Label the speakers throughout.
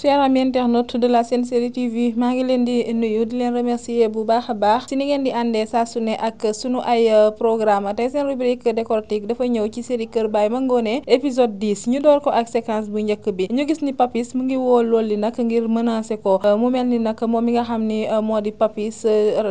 Speaker 1: chers amis internautes de la Sen Série TV maa ngi leen di nuyu di leen remercier bu baax a baax ci ni ngeen di àndee saa sune ak sunu ay euh, programme tey seen rubrique décortique dafa ñëw ci série Kër baay Ma Ngoné épisode 10 ñu door ko ak séquence bu njëkk bi ñu gis ni Papis mu ngi woo lool li nag ngir menacer ko euh, mu mel ni nag moom mi nga xam ni euh, moo di Papis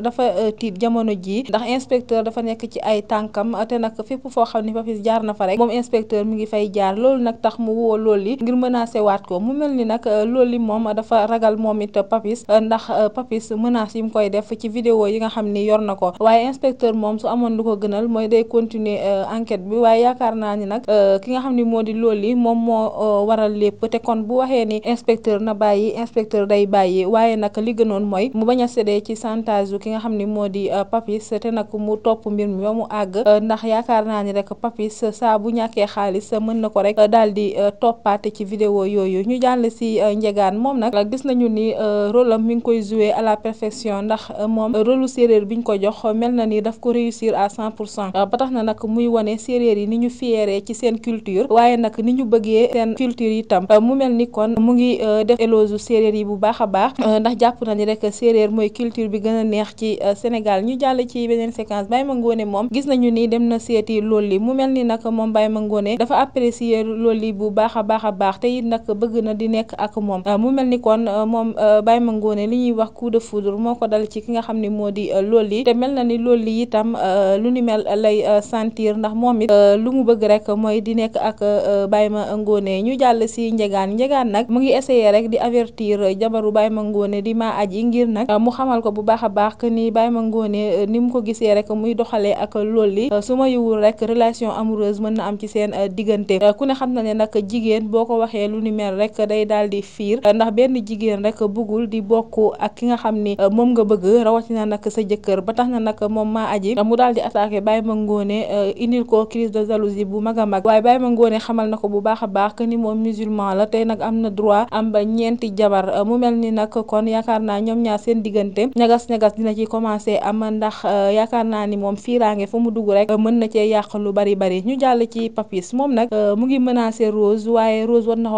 Speaker 1: dafa tiit jamono jii ndax inspecteur dafa nekk ci ay tànkam te nag fépp foo xam ni Papis jaar na fa rek moom inspecteur mi ngi fay jaar loolu nag tax mu woo lool li ngir menacer waat ko mu mel ni nag loolu li moom dafa ragal moom it papis ndax euh, papis menace yi mu koy def ci vidéo yi nga xam ni yor na ko waaye inspecteur moom su amoon lu ko gënal mooy day continuer euh, enquête bi waaye yaakaar naa ni nag euh, ki nga xam ni moo di loolu li moom moo waral lépp te kon bu waxee ni inspecteur na bàyyi inspecteur day bàyyi waaye nag li gënoon mooy mu bañ a ci chantage ki nga xam ni moo di papis te nag mu top mbir mi ba mu àgg ndax yaakaar naa ni rek papis saa bu xaalis mën na ko rek daal di toppaate ci vidéo yooyu ñu jàll si Ndiagane moom nag gis nañu ni euh, rôle am mi ngi koy joué à la perfection ndax euh, moom rôle séréer bi ñu ko jox mel na ni daf ko réussir à cent pour cent euh, tax na nag muy wane séeréer yi ni ñu fiyeeree ci seen culture waaye nag ni ñu bëggee seen culture itam mu mel ni kon mu ngi def éloge séeréer yi bu baax a baax ndax jàpp na ni rek séréer mooy culture bi gën a neex ci Sénégal ñu jàll ci beneen séquence Baye Mangoné moom gis nañu nii dem na seeti lool li mu mel ni nag moom Baye Mangoné dafa apprécier loolu li bu baax a baax a baax te it bëgg na di nekk ak moom moom euh, mu mel ni kon euh, moom euh, Baye Mangoné li ñuy wax ku de foudre moo ko dal ci ki nga xam ni moo di Loli te mel na ni Loli itam lu ni mel lay sentir ndax moom it lu mu bëgg rek mooy di nekk ak ma ngoone ñu jàll si njegaan njegaan nag mu ngi essayer rek di avertir jabaru Baye Mangoné di maa aji ngir nag mu xamal ko bu baax a baax ni baay ma ngoone ni mu ko gisee rek muy doxalee ak Loli su ma yiwul rek relation amoureuse mën na am ci seen diggante ku ne xam na ne nag jigéen boo ko waxee lu ni mel rek day daal fiir ndax benn jigéen rek bëggul di bokk ak ki nga xam ni euh, moom nga bëgg rawatina nag sa jëkkër ba tax na nag moom maa aji mu daal di attaqué ma Mangoné euh, indil ko crise de jalousie bu mag a mag waaye Baye Mangoné xamal na ko bu baax a baax que ni moom musulman la tey nag am na droit am ba ñeenti jabar euh, mu mel ni nag kon yaakaar naa ñoom ñaar seen diggante ñagas ñagas dina ci commencé am ndax yaakaar naa ni moom fiiraange fu mu dugg rek mën na cee yàq lu bari bari ñu jàll ci papis moom nag mu ngi menacé Rose waaye Rose war na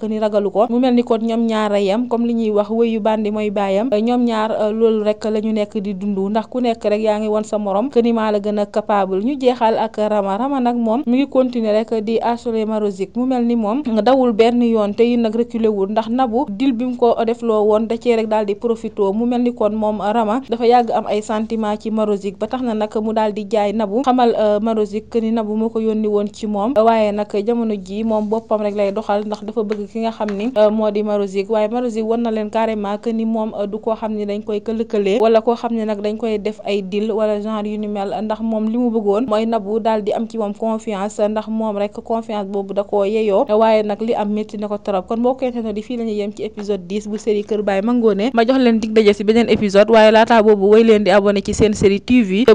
Speaker 1: que ni ragalu ni kon ñoom ñaar a yem wax wëyu bandi ñoom ñaar euh, loolu rek la ñu nekk di dund ndax ku nekk rek yaa ngi woon sa morom que ni maa la gën a capable ñu jeexal ak rama rama nag moom mi ngi rek di assurer marosique mu mel ni moom dawul benn yoon te yi nag reculer wul ndax nabu dil bi mu ko defloo woon da cee rek daal di profité mu mel ni kon moom rama dafa yàgg am ay santiment ci marosique ba tax na nag mu daal di jaay nabu xamal euh, marosique que ni nabu moo ko yónni woon ci moom waaye nag jamono ji moom boppam rek lay doxal ndax dafa bëgg ki nga xam ni euh, moo di Marosique waaye Marosique wan na leen carrément que ni moom euh, du koo xam ne dañ koy këlëkëlee wala koo xam ne nag dañ koy def ay dil wala genre yu ndax moom li mu bëggoon mooy Nabou daal di am ci moom confiance ndax moom rek confiance boobu da yeyoo waaye nag li am métti na ko trop kon boo koy di fii la yem ci épisode bu série Kër Baye Mangoné ma jox leen dig daje beneen épisode waaye laataa boobu woy leen di abonné ci seen série